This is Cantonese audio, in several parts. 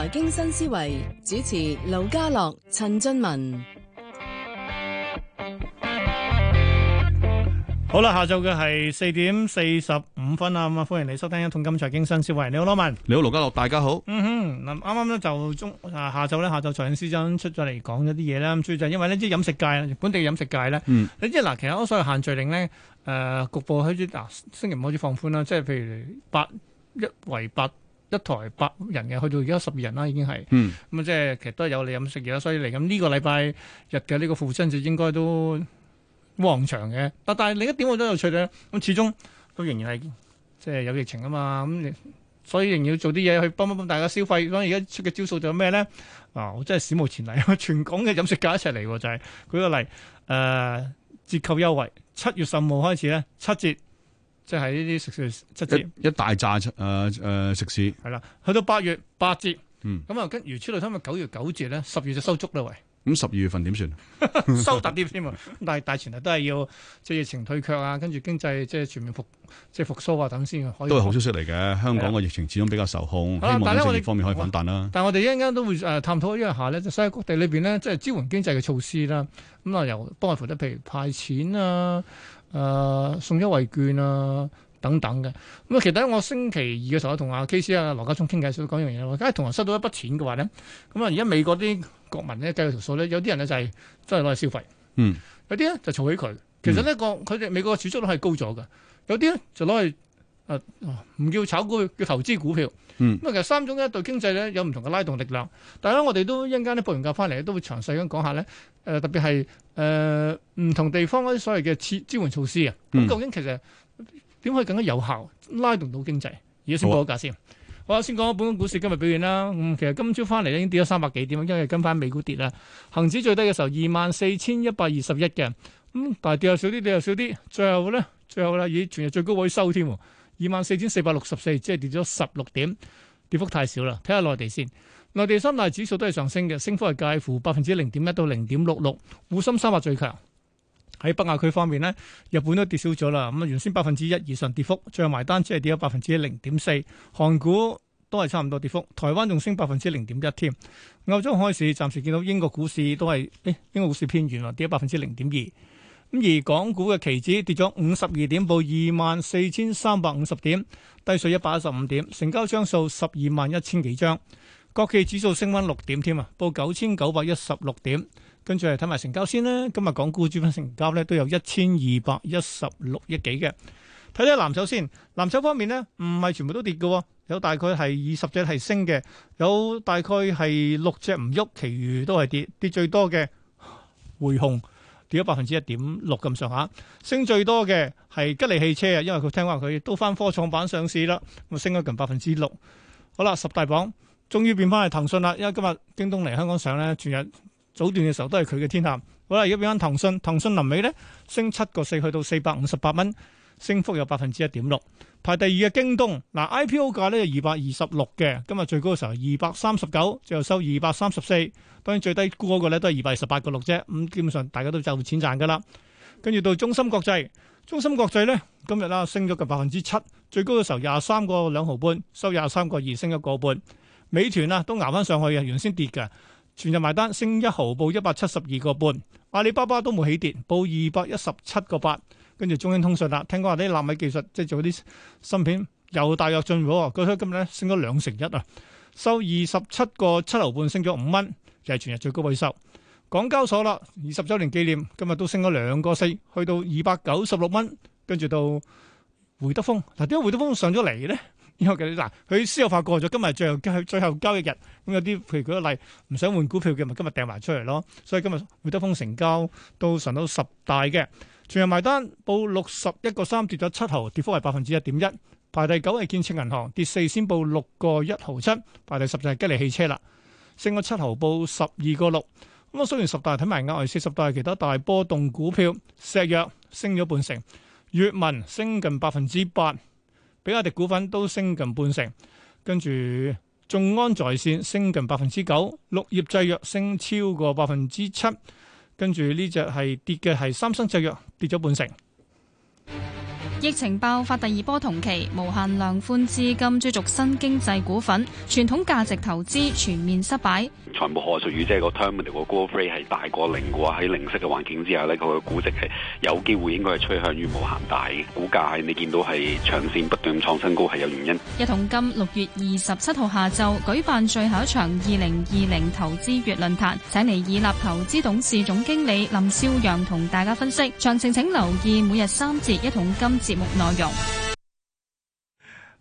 財經新思維主持盧家樂、陳俊文，好啦，下晝嘅係四點四十五分啊，咁啊，歡迎你收聽一同金財經新思維。你好，羅文，你好，盧家樂，大家好。嗯哼，嗱，啱啱咧就中啊，下晝咧下晝財政司長出咗嚟講咗啲嘢啦，咁主要就因為呢啲飲、就是、食界本地飲食界咧，嗯、你即係嗱，其實我所謂限聚令咧，誒、呃，局部開始嗱、啊，星期五開始放寬啦，即係譬如八一為八。一台八人嘅去到而家十二人啦，已經係咁啊！即係其實都係有飲食嘢啦，所以嚟緊呢個禮拜日嘅呢個父親節應該都旺場嘅。但係另一點我都有趣嘅，咁始終都仍然係即係有疫情啊嘛，咁所以仍然要做啲嘢去幫幫大家消費。咁而家出嘅招數就咩咧？啊，我真係史無前例，全港嘅飲食界一齊嚟就係、是、舉個例誒、呃，折扣優惠，七月十五號開始咧七折。即係呢啲食肆即係一大炸出誒食肆，係啦，去到八月八折、嗯嗯，嗯，咁啊跟如出嚟睇咪九月九折咧，十月就收足啦喂。咁十二月份點算？ 收大啲添啊！但係大前提都係要即係、就是、疫情退卻啊，跟住經濟即係全面復即係、就是、復甦啊，等先可以。都係好消息嚟嘅，香港嘅疫情始終比較受控，啲民生方面可以反彈啦。但係我哋一陣間都會誒探討一下咧，就係世界各地裏邊咧，即、就、係、是、支援經濟嘅措施啦。咁、嗯、啊，由幫下佢咧，譬如派錢啊。誒、呃，送優惠券啊，等等嘅。咁啊，其實咧，我星期二嘅時候同阿 K C 啊、羅家聰傾偈，想講樣嘢。梗係同行收到一筆錢嘅話咧，咁啊，而家美國啲國民咧，計個條數咧，有啲人咧就係真係攞嚟消費，嗯，有啲咧就儲起佢。其實呢，個佢哋美國嘅儲蓄率係高咗嘅，有啲咧就攞去。啊，唔叫炒股，叫投資股票。咁、嗯、其實三種一對經濟咧有唔同嘅拉動力量。但係咧，我哋都一陣間咧報完價翻嚟，都會詳細咁講下咧、呃。特別係唔、呃、同地方嗰啲所謂嘅切支援措施啊。咁、嗯、究竟其實點可以更加有效拉動到經濟？而家先報個價先。好，啊好啊、先講下本港股市今日表現啦。咁、嗯、其實今朝翻嚟已經跌咗三百幾點，因為跟翻美股跌啦。恒指最低嘅時候二萬四千一百二十一嘅。咁但係跌又少啲，跌又少啲。最後咧，最後啦，以全日最高位收添。二萬四千四百六十四，24, 4, 即係跌咗十六點，跌幅太少啦。睇下內地先，內地三大指數都係上升嘅，升幅係介乎百分之零點一到零點六六。滬深三百最強。喺北亞區方面呢，日本都跌少咗啦。咁原先百分之一以上跌幅，最後埋單只係跌咗百分之零點四。韓股都係差唔多跌幅，台灣仲升百分之零點一添。歐洲開市，暫時見到英國股市都係，誒、欸，英國股市偏軟啊，跌咗百分之零點二。咁而港股嘅期指跌咗五十二點，報二萬四千三百五十點，低水一百一十五點，成交張數十二萬一千幾張。國企指數升温六點添啊，報九千九百一十六點。跟住睇埋成交先啦，今日港股主板成交咧都有一千二百一十六億幾嘅。睇睇藍籌先，藍籌方面呢唔係全部都跌嘅，有大概係二十隻係升嘅，有大概係六隻唔喐，其餘都係跌，跌最多嘅匯控。跌咗百分之一點六咁上下，升最多嘅係吉利汽車啊，因為佢聽話佢都翻科創板上市啦，咁升咗近百分之六。好啦，十大榜終於變翻係騰訊啦，因為今日京東嚟香港上咧，全日早段嘅時候都係佢嘅天下。好啦，而家變翻騰訊，騰訊臨尾咧升七個四去到四百五十八蚊。升幅有百分之一點六，排第二嘅京東，嗱 IPO 價呢，就二百二十六嘅，今日最高嘅時候二百三十九，最後收二百三十四。當然最低沽嗰個呢都係二百二十八個六啫。咁基本上大家都賺錢賺㗎啦。跟住到中芯國際，中芯國際呢今日啦升咗個百分之七，最高嘅時候廿三個兩毫半，收廿三個二，升一個半。美團啊都捱翻上去嘅，原先跌嘅全日埋單升一毫，報一百七十二個半。阿里巴巴都冇起跌，報二百一十七個八。跟住中英通訊啦，聽講話啲納米技術即係做啲芯片又大躍進喎，嗰所今日咧升咗兩成一啊，收二十七個七樓半，升咗五蚊，就係、是、全日最高位收。港交所啦，二十周年紀念，今日都升咗兩個四，去到二百九十六蚊，跟住到匯德豐。嗱點解匯德豐上咗嚟咧？因為嗱佢私有化過咗，今日最後交最交易日，咁有啲譬如舉個例，唔想換股票嘅咪今日掟埋出嚟咯，所以今日匯德豐成交都上到十大嘅。全日埋單，報六十一個三，跌咗七毫，跌幅係百分之一點一。排第九係建設銀行，跌四先報六個一毫七。排第十就係吉利汽車啦，升咗七毫，報十二個六。咁啊，雖然十大睇埋額外，四十大係其他大波動股票，石藥升咗半成，粵文升近百分之八，比亞迪股份都升近半成，跟住眾安在線升近百分之九，綠葉製藥升超過百分之七。跟住呢隻係跌嘅係三生製藥，跌咗半成。疫情爆發第二波同期，無限量寬資金追逐新經濟股份，傳統價值投資全面失敗。全部可屬於即係、就是、個 terminal 個 growth rate 係大過零嘅話，喺零息嘅環境之下呢佢嘅估值係有機會應該係趨向於無限大嘅股價。係你見到係長線不斷咁創新高，係有原因。日同金六月二十七號下晝舉辦最後一場二零二零投資月論壇，請嚟以立投資董事總經理林少陽同大家分析。詳情請留意每日三節日同金節目內容。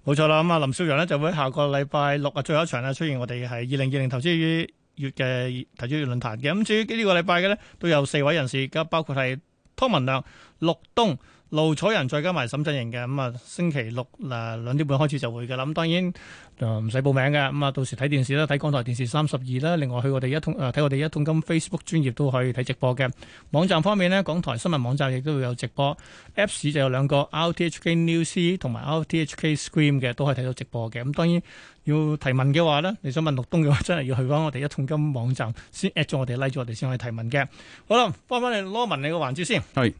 冇錯啦，咁啊，林少陽呢就會喺下個禮拜六啊，最後一場啦，出現我哋係二零二零投資月。月嘅題組月論壇嘅，咁至於呢個禮拜嘅咧，都有四位人士，而家包括係湯文亮、陸東、盧楚仁，再加埋沈振盈嘅咁啊。星期六嗱兩點半開始就會嘅，咁當然就唔使報名嘅。咁啊，到時睇電視啦，睇港台電視三十二啦。另外去我哋一通啊，睇我哋一通今 Facebook 專業都可以睇直播嘅。網站方面咧，港台新聞網站亦都會有直播。Apps 就有兩個，RTHK News 同埋 RTHK Screen 嘅，都可以睇到直播嘅。咁當然。要提問嘅話咧，你想問陸東嘅話，真係要去翻我哋一通金網站先 at 咗我哋，拉咗是、like、我哋先去提問嘅。好啦，翻返你攞問你個環節先。係是，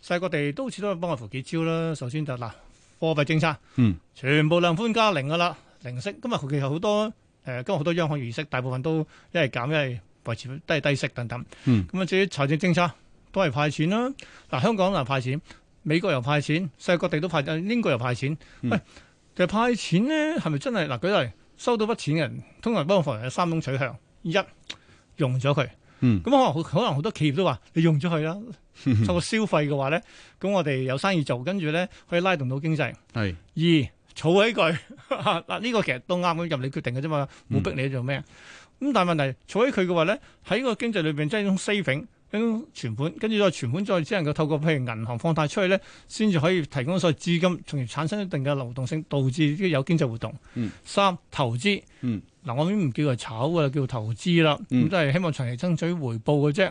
世界各地都好似都幫我扶結招啦。首先就嗱貨幣政策，嗯，全部量寬加零噶啦，零息。今日其實好多誒、呃，今日好多央行議息，大部分都一係減，一係維持都係低息等等。嗯，咁啊，至於財政政策都係派錢啦。嗱，香港又派錢，美國又派錢，世界各地都派，英國又派錢。喂、嗯。哎其實派錢咧係咪真係嗱？舉例收到筆錢嘅人，通常幫我放嚟有三種取向：一用咗佢，咁、嗯、可能可能好多企業都話你用咗佢啦，透過消費嘅話咧，咁 我哋有生意做，跟住咧可以拉動到經濟。二儲是起佢嗱，呢、這個其實都啱咁入你決定嘅啫嘛，冇逼你做咩。咁、嗯、但係問題儲起佢嘅話咧，喺個經濟裏邊真係一種 saving。跟存款，跟住再存款，再只能夠透過譬如銀行放貸出去咧，先至可以提供咗所資金，從而產生一定嘅流動性，導致啲有經濟活動。嗯、三投資，嗱、嗯、我已經唔叫佢炒噶啦，叫做投資啦，咁都係希望長期爭取回報嘅啫。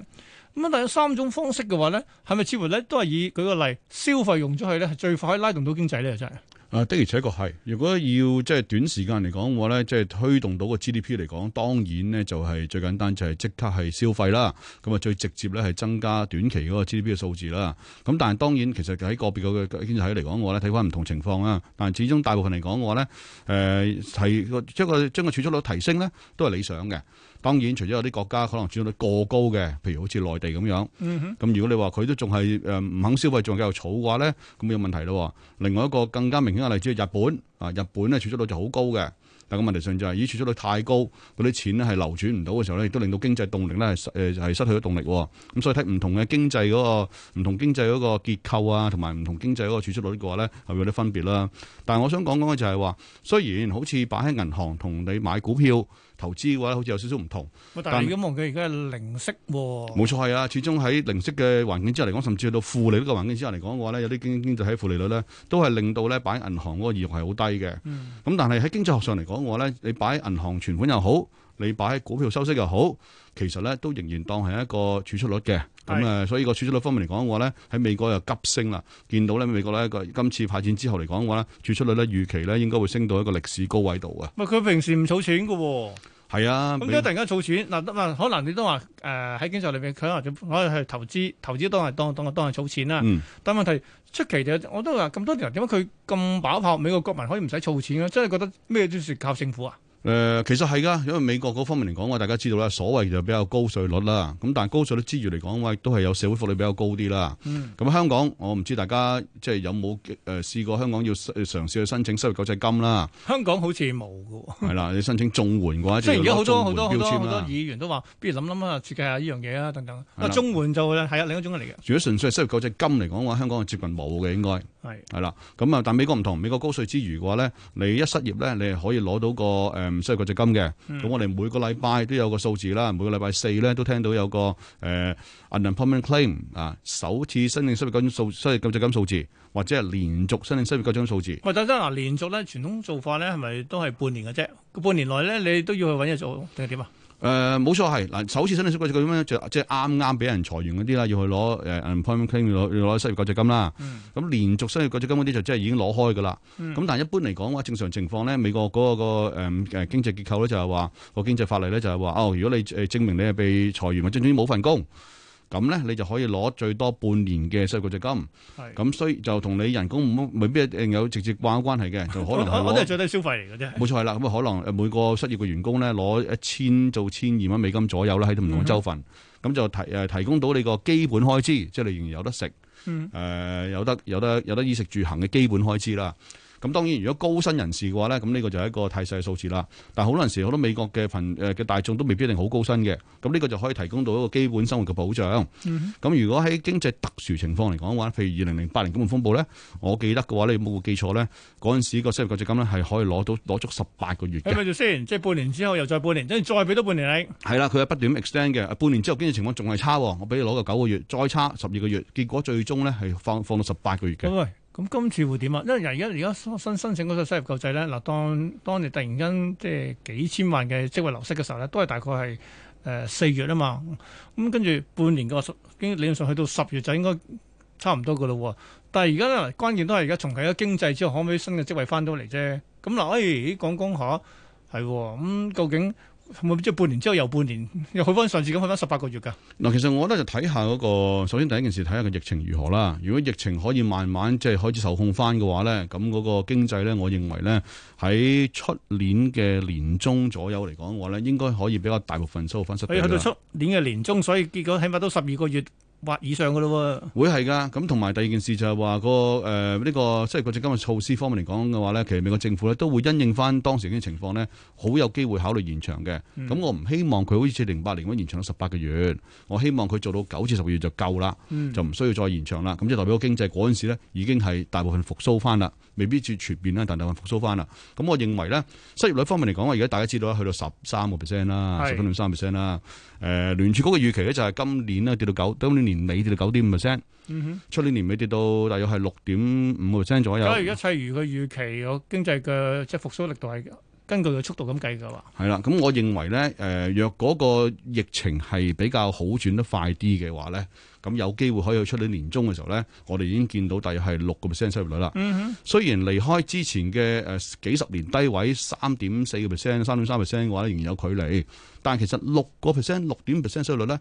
咁啊，但係有三種方式嘅話咧，係咪似乎咧都係以舉個例消費用出去咧，係最快可以拉動到經濟咧？就真係。啊，的而且確係，如果要即係短時間嚟講嘅話咧，即係推動到個 GDP 嚟講，當然咧就係最簡單就係即刻係消費啦。咁啊最直接咧係增加短期嗰個 GDP 嘅數字啦。咁但係當然其實喺個別嘅經濟體嚟講嘅話咧，睇翻唔同情況啊。但係始終大部分嚟講嘅話咧，誒提將個將個儲蓄率提升咧，都係理想嘅。當然，除咗有啲國家可能儲蓄率過高嘅，譬如好似內地咁樣，咁、嗯、哼如果你話佢都仲係誒唔肯消費，仲繼續儲嘅話咧，咁有問題咯。另外一個更加明顯嘅例子係日本啊，日本咧儲蓄率就好高嘅，但係個問題上就係，依儲蓄率太高，嗰啲錢咧係流轉唔到嘅時候咧，亦都令到經濟動力咧係誒係失去咗動力。咁所以睇唔同嘅經濟嗰、嗰個唔同經濟嗰個結構啊，同埋唔同經濟嗰個儲蓄率嘅話咧，係有啲分別啦。但係我想講講嘅就係話，雖然好似擺喺銀行同你買股票。投資嘅話咧，好似有少少唔同。但係如果望佢而家係零息、哦，冇錯係啊。始終喺零息嘅環境之下嚟講，甚至去到負利呢個環境之下嚟講嘅話咧，有啲經濟經喺負利率咧，都係令到咧擺銀行嗰個業係好低嘅。咁、嗯、但係喺經濟學上嚟講嘅話咧，你擺銀行存款又好，你擺股票收息又好，其實咧都仍然當係一個儲蓄率嘅。咁啊的，所以個儲蓄率方面嚟講嘅話咧，喺美國又急升啦。見到咧，美國咧個今次派錢之後嚟講嘅話咧，儲蓄率咧預期咧應該會升到一個歷史高位度啊。唔佢平時唔儲錢嘅喎、哦。係啊，咁點解、嗯、突然間儲錢嗱，得可能你都話誒喺經濟裏邊，佢、呃、話可，可以去投資，投資都係當當當係儲錢啦。嗯、但問題出奇就，我都話咁多年嚟，點解佢咁飽泡？美國國民可以唔使儲錢啊？真係覺得咩都係靠政府啊！誒、呃，其實係噶，因為美國嗰方面嚟講，我大家知道啦，所謂就比較高稅率啦。咁但係高稅率之餘嚟講，喂，都係有社會福利比較高啲啦。咁、嗯、香港，我唔知道大家即係有冇誒、呃、試過香港要嘗試去申請失業救濟金啦。香港好似冇㗎喎。係啦，你申請綜援嘅話，即係而家好多好緣多好多好籤多、多議員都話，不如諗諗啊，設計下呢樣嘢啊，等等。了就是、啊，綜援就係啊另一種嚟嘅。如果純粹係失業救濟金嚟講嘅話，香港係接近冇嘅應該。係係啦，咁啊是，但美國唔同，美國高稅之餘嘅話咧，你一失業咧，你係可以攞到個誒失業救濟金嘅。咁、嗯、我哋每個禮拜都有個數字啦，每個禮拜四咧都聽到有個誒、呃、unemployment claim 啊，首次申請失業救濟數失業救濟金數字。或者係連續申請失業救濟金數字。喂，等等嗱，連續咧傳統做法咧，係咪都係半年嘅啫？半年內咧，你都要去揾嘢做定係點啊？冇錯係嗱，首次申請失業救濟金就即係啱啱俾人裁員嗰啲啦，要去攞 unemployment claim 要攞失業救濟金啦。咁、嗯、連續失業救濟金嗰啲就即係已經攞開㗎啦。咁、嗯、但係一般嚟講嘅話，正常情況咧，美國嗰、嗰個、嗰個誒誒經濟結構咧就係話個經濟、嗰個、法例咧就係話，哦，如果你誒證明你係被裁員或者總之冇份工。咁咧，你就可以攞最多半年嘅失業救濟金。咁是所以就同你人工唔冇未必有直接掛鈎關係嘅，就可能我 我哋最低消費嚟嘅啫。冇錯係啦，咁啊可能每個失業嘅員工咧攞一千到千二蚊美金左右啦，喺唔同州份咁、嗯、哼就提、呃、提供到你個基本開支，即係你仍然有得食、嗯哼呃，有得有得有得衣食住行嘅基本開支啦。咁當然，如果高薪人士嘅話咧，咁、這、呢個就係一個太細嘅數字啦。但好多陣時，好多美國嘅貧嘅大眾都未必一定好高薪嘅。咁、這、呢個就可以提供到一個基本生活嘅保障。咁、嗯、哼如果喺經濟特殊情況嚟講嘅話，譬如二零零八年金融風暴咧，我記得嘅話你冇記錯咧，嗰陣時個失業救濟金咧係可以攞到攞足十八個月嘅。咪就先？即係半年之後又再半年，跟住再俾多半年你？係啦，佢係不斷 extend 嘅。半年之後經濟情況仲係差，我俾你攞個九個月，再差十二個月，結果最終咧係放放到十八個月嘅。對。咁今次會點啊？因為而家而家申申請請嗰個收入救濟咧，嗱當,當你突然間即係幾千萬嘅職位流失嘅時候咧，都係大概係誒四月啊嘛。咁跟住半年嘅話，經理論上去到十月就應該差唔多㗎喇喎。但係而家咧，關鍵都係而家重啟咗經濟之後，可唔可以新嘅職位翻到嚟啫？咁、嗯、嗱，誒、哎、講講下，係咁、嗯，究竟？係咪即係半年之後，又半年，又去翻上次咁去翻十八個月噶？嗱，其實我覺得就睇下嗰個，首先第一件事睇下個疫情如何啦。如果疫情可以慢慢即係開始受控翻嘅話咧，咁嗰個經濟咧，我認為咧，喺出年嘅年中左右嚟講嘅話咧，應該可以比較大部分收翻出。可以去到出年嘅年中，所以結果起碼都十二個月。八以上噶咯喎，會係噶。咁同埋第二件事就係話、那個誒呢、呃這個失業國際金嘅措施方面嚟講嘅話咧，其實美國政府咧都會因應翻當時嘅情況咧，好有機會考慮延長嘅。咁、嗯、我唔希望佢好似零八年咁延長到十八個月，我希望佢做到九至十個月就夠啦，嗯、就唔需要再延長啦。咁即代表個經濟嗰陣時咧，已經係大部分復甦翻啦，未必至全面啦，但大部分復甦翻啦。咁我認為咧，失業率方面嚟講，我而家大家知道了去到十三個 percent 啦，十三點三 percent 啦。誒是、呃、聯儲局嘅預期咧就係今年咧跌到九，今年，年。年尾跌到九點五 percent，出年年尾跌到大約係六點五 percent 左右。咁而一切如佢預期，個經濟嘅即係復甦力度係根據佢速度咁計嘅話，係啦。咁我認為咧，誒若嗰個疫情係比較好轉得快啲嘅話咧，咁有機會可以去出年年中嘅時候咧，我哋已經見到大約是6，大概係六個 percent 失業率啦。嗯哼，雖然離開之前嘅誒幾十年低位三點四個 percent、三點三 percent 嘅話仍然有距離，但係其實六個 percent、六點 percent 失業率咧。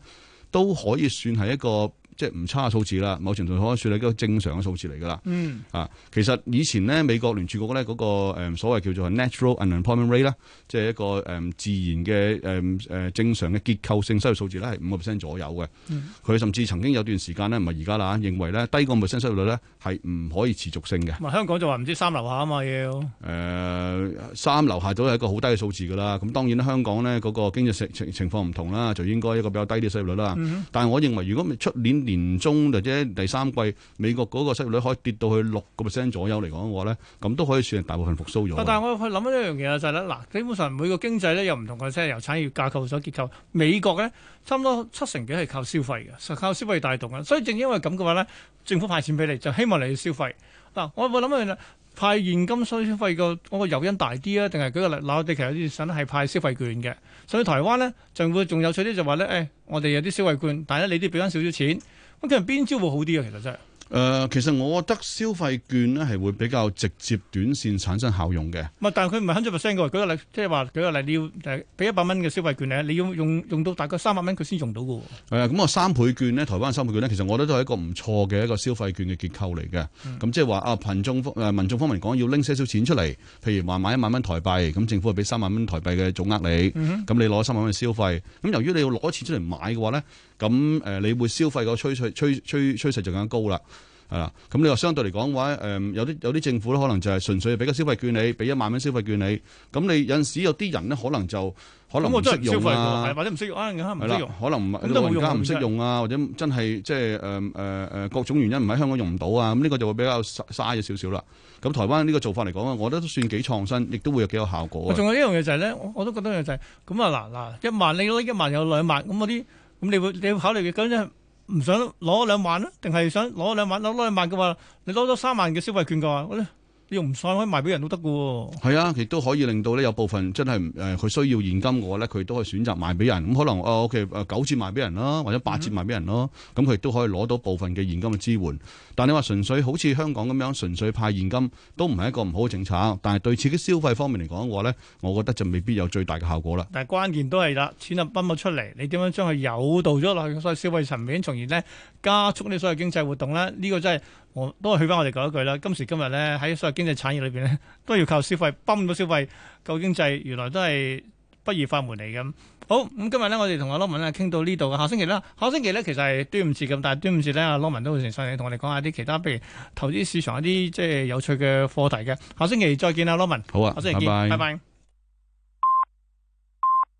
都可以算係一個。即係唔差嘅數字啦，某程度上可以算係一個正常嘅數字嚟噶啦。嗯啊，其實以前咧美國聯儲局咧嗰、那個誒、嗯、所謂叫做 natural unemployment rate 咧、啊，即係一個誒、嗯、自然嘅誒誒正常嘅結構性失業數字咧係五個 percent 左右嘅。佢、嗯、甚至曾經有段時間咧唔係而家啦、啊，認為咧低過五個 percent 失業率咧係唔可以持續性嘅。香港就話唔知三樓下啊嘛要？誒、呃，三樓下都係一個好低嘅數字噶啦。咁當然啦，香港咧嗰、那個經濟情情況唔同啦，就應該一個比較低啲失業率啦。嗯、但係我認為如果出年年中或者第三季，美國嗰個失業率可以跌到去六個 percent 左右嚟講嘅話咧，咁都可以算係大部分復甦咗。但係我去諗一樣嘢就係咧，嗱，基本上每個經濟咧又唔同嘅，即係由產業架構所結構。美國咧差唔多七成幾係靠消費嘅，係靠消費帶動嘅。所以正因為咁嘅話咧，政府派錢俾你，就希望你去消費。嗱，我會諗下，派現金，需消費的個嗰個誘因大啲啊，定係嗰個嗱我哋其實啲想係派消費券嘅。所以台灣咧就會仲有趣啲，就話咧，誒，我哋有啲消費券，但係咧你都要俾翻少少錢。咁其實邊招會好啲啊？其實真係。誒、呃，其實我覺得消費券咧係會比較直接短線產生效用嘅。唔但係佢唔係很少 percent 嘅。舉個例，即係話舉個例，你要俾一百蚊嘅消費券咧，你要用用到大概三百蚊佢先用到嘅喎。咁啊、呃嗯、三倍券咧，台灣嘅三倍券咧，其實我覺得都係一個唔錯嘅一個消費券嘅結構嚟嘅。咁即係話啊，羣眾誒民眾方面講，要拎些少錢出嚟，譬如話買一萬蚊台幣，咁政府會俾三萬蚊台幣嘅總額你，咁、嗯、哼你攞三萬蚊消費。咁由於你要攞錢出嚟買嘅話咧，咁誒你會消費個趨，趨，趨，趨，趨，趨，趨，趨勢趨趨趨就更加高啦。係啦，咁你話相對嚟講嘅話，誒、呃、有啲有啲政府咧，可能就係純粹俾個消費券你，俾一萬蚊消費券你。咁你有陣時有啲人咧，可能就可能唔識用啊，或者唔識用啊，唔識用，可能咁都冇用，唔識用啊，或者真係即係誒誒誒各種原因唔喺香港用唔到啊。咁呢個就會比較嘥咗少少啦。咁台灣呢個做法嚟講啊，我覺得都算幾創新，亦都會有幾有效果。仲有一樣嘢就係、是、咧，我都覺得嘅就係、是、咁啊！嗱、啊、嗱，一萬你攞一萬有兩萬，咁嗰啲咁你會你會考慮嘅咁唔想攞兩萬定係想攞兩萬？攞兩萬嘅話，你攞咗三萬嘅消費券嘅話，佢用唔曬，可以賣俾人都得嘅喎，係啊，亦都可以令到咧有部分真係誒，佢需要現金嘅話咧，佢都可以選擇賣俾人，咁可能啊 OK 誒，九折賣俾人啦，或者八折賣俾人咯，咁佢亦都可以攞到部分嘅現金嘅支援。但係你話純粹好似香港咁樣純粹派現金都唔係一個唔好嘅政策，但係對自己消費方面嚟講，嘅話咧，我覺得就未必有最大嘅效果啦。但係關鍵都係啦，錢泵咗出嚟，你點樣將佢誘導咗落去所謂消費層面，從而咧加速啲所有經濟活動咧？呢個真係我都係去翻我哋講一句啦。今時今日咧，喺所有經濟產業裏邊咧，都要靠消費，泵到消費，救經濟，原來都係不二法門嚟咁。好，咁、嗯、今日咧，我哋同阿羅文啊傾到呢度，下星期啦。下星期咧，其實係端午節咁，但係端午節咧，阿羅文都會嘗試同我哋講下啲其他，譬如投資市場一啲即係有趣嘅課題嘅。下星期再見啊，羅文。好啊，下星期見，拜拜 bye。Bye bye